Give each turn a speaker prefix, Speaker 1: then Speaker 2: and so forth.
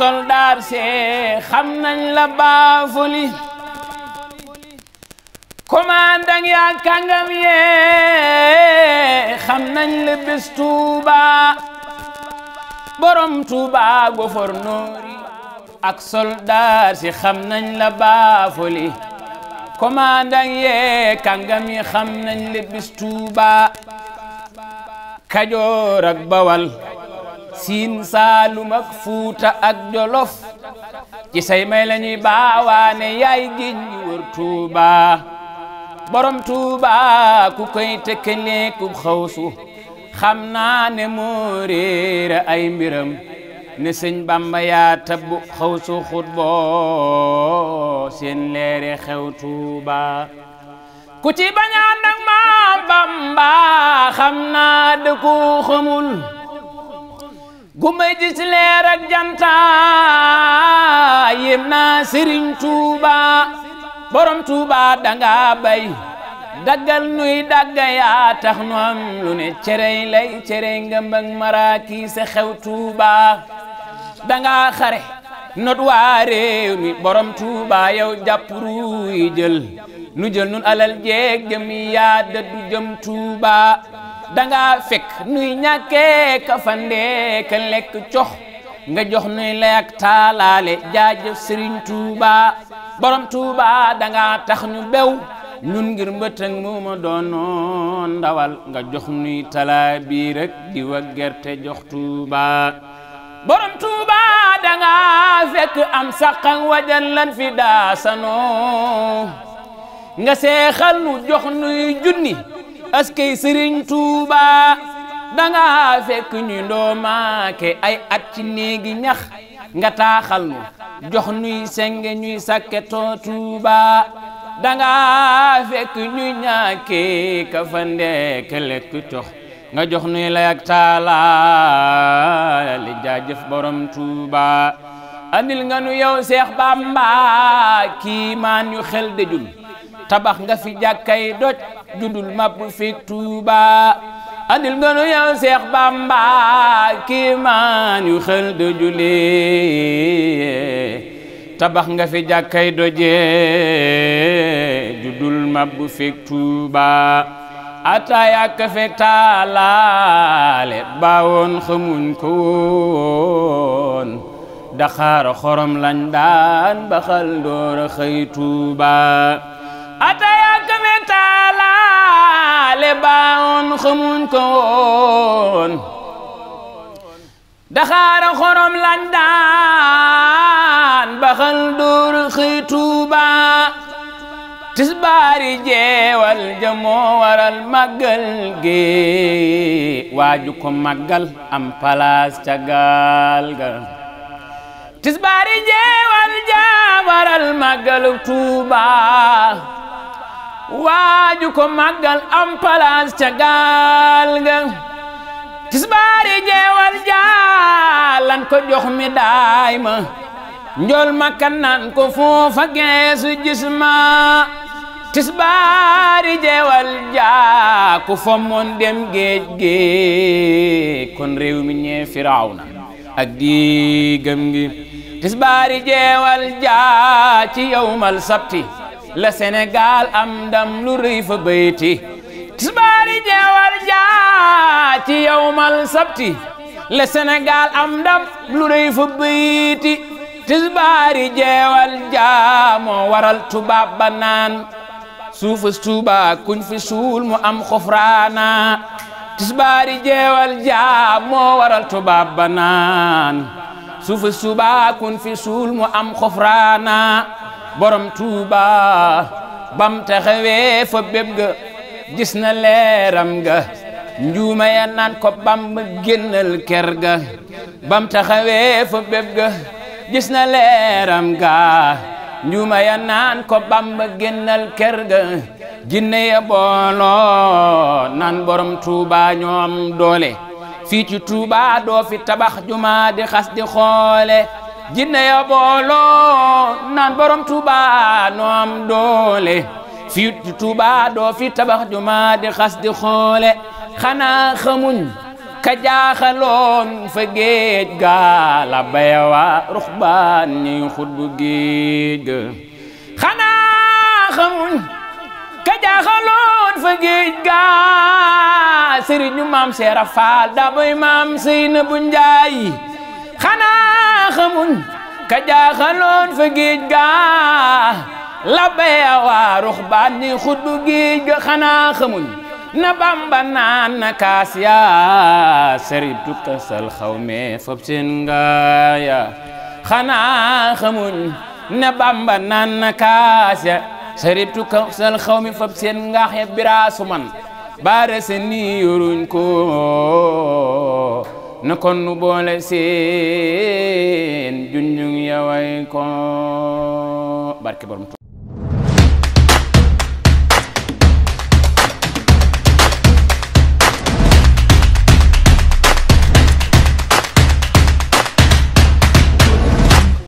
Speaker 1: soldaar see xam nañ la baafuli commandant yee xam nañ la bés Tuuba borom Tuuba gouverneur ak soldaar si xam nañ la baafuli commandant yee kàngam nañ la bés Tuuba Kajoor Bawal siin saalum ak fuuta ak jolof ci say may la ñuy baawaane yaay géej gi wër tuuba borom tuuba ku koy tëkkalee ku xawsu xam naa ne moo réere ay mbiram ne sëñ bamba yaa tabb xawsu xut boo seen leere xew tuuba ku ci bañaan nag maam bamba xam naa dëkku xamul gu may gis leer ak jantaa yem naa sëriñ tuuba borom tuuba danga bay daggal nuy dagga yaa tax nu am lu ne cerey lay cerey ngëmb ak maraaki sa xew tuuba danga xare not waa mi borom tuuba yow jàpp ruuy jël nu jël nun alal jeeg jëm yaa dëddu jëm tuuba danga fekk nuy ñàkkee ka fandee lekk cox nga jox nuy layak taalaale jaajëf sëriñ Touba borom Touba danga tax nu bew ñun ngir mbëtëng mu ma doonoon ndawal nga jox nuy talaa bii di wa gerte jox Touba borom Touba danga fekk am saqan wajan lan fi daasanoo nga seexal nu jox nuy junni askey sëriñ tuuba danga fekk ñu ndoomaake ay at ci néegi ñax nga taaxal nu jox nuy senge ñuy sakketoo tuuba danga fekk ñu ñaake ka fa lekk tox nga jox nuy layak taala li jaajëf borom tuuba andil nga nu yow seex bamba kii yu xel dejul tabax nga fi jàkkay doj judul mab fi Tuuba andil nga nu yow Seex Bamba kiimaan yu xel de tabax nga fi jàkkay doje judul mabbu fek tuuba ataayaak fek taalaale baawoon xamuñ ko woon daxaara xorom lañ daan baxal door a xëy tuuba le baawoon xamuñ ko woon daxaara xorom lañ baxal dóor xëy tuuba tisbaari jeewal jamoo waral màggal gi waaju ko màggal am palaas ca gaal ga tisbaari jeewal ja waral màggalu tuuba waaju ko màggal am palaas ca gaal nga tisbaari jeewal jaalan ko jox mi daay ma njool ma kannaan ko foofa geesu gis ma tisbaari jeewal jaa ku dem géej géej kon réew mi ñee firawna ak diigam gi tisbaari jeewal jaa yawmal sabti la Sénégal am ndam lu rëy fa bayti tisbaari jeewal jaa ci yawmal sabti la Sénégal am ndam lu rëy fa bayti tisbaari jeewal waral tubaab ba naan mu am xofraana tisbaari jeewal jaa moo waral tubaab ba naan tuuba kuñ fi suul mu am xofraana borom tuuba bam taxawee fa béb ga gis na leeram ga juuma ya naan ko bam génnal ker ga bam taxawee fa béb ga gis na leeram ga njuuma ya naan ko bam génnal ker ga jinne ya booloo naan borom tuuba ñoom doole fii tuuba doo fi tabax jumaa di xas di xoole jinne ya booloo naan borom Tuuba noom doole fi Tuuba doo fi tabax juma di xas di xoole xanaa xamuñ ka jaaxaloon fa géej ga la bayawa ruxbaan ñi xut géej ga xanaa xamuñ ka jaaxaloon fa géej ga sëriñu maam Seera Faal da boy maam Seyna bu Njaay xanaa xamuñ ka jaaxaloon fa géej ga labay awaa ni xutbu géej ga xanaa xamuñ na bamba naan na kaas yaa saribtu kasal xawme fab seen ngaaya xanaa xamuñ na bamba naan na kaas ya saribtu kasal xawme fab seen ngaax ya biraasu man baara se ni yoruñ na kon nu boole seen junjung yaway ko barke borom